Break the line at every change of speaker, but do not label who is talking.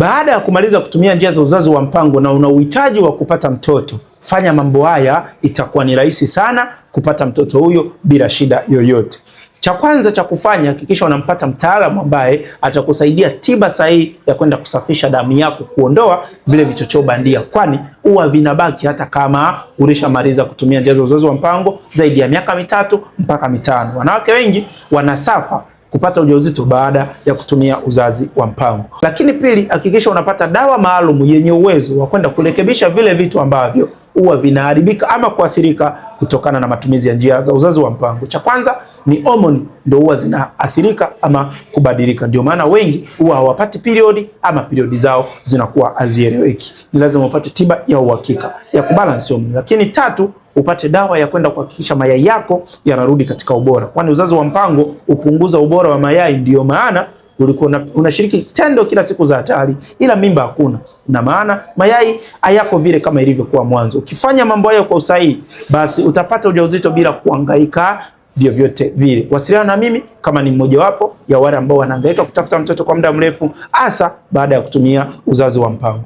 Baada ya kumaliza kutumia njia za uzazi wa mpango na una uhitaji wa kupata mtoto, fanya mambo haya, itakuwa ni rahisi sana kupata mtoto huyo bila shida yoyote. Cha kwanza cha kufanya, hakikisha unampata mtaalamu ambaye atakusaidia tiba sahihi ya kwenda kusafisha damu yako, kuondoa vile vichocheo bandia, kwani huwa vinabaki hata kama ulishamaliza kutumia njia za uzazi wa mpango zaidi ya miaka mitatu mpaka mitano. Wanawake wengi wanasafa kupata ujauzito baada ya kutumia uzazi wa mpango. Lakini pili, hakikisha unapata dawa maalum yenye uwezo wa kwenda kurekebisha vile vitu ambavyo huwa vinaharibika ama kuathirika kutokana na matumizi ya njia za uzazi wa mpango. Cha kwanza ni homoni ndio huwa zinaathirika ama kubadilika, ndio maana wengi huwa hawapati periodi ama periodi zao zinakuwa hazieleweki. Ni lazima upate tiba ya uhakika ya kubalance homoni. Lakini tatu upate dawa ya kwenda kuhakikisha mayai yako yanarudi katika ubora, kwani uzazi wa mpango upunguza ubora wa mayai. Ndiyo maana ulikuwa unashiriki tendo kila siku za hatari, ila mimba hakuna, na maana mayai hayako vile kama ilivyokuwa mwanzo. Ukifanya mambo hayo kwa usahihi, basi utapata ujauzito bila kuangaika vyovyote vile. Wasiliana na mimi kama ni mmojawapo ya wale ambao wanahangaika kutafuta mtoto kwa muda mrefu, hasa baada ya kutumia uzazi wa mpango.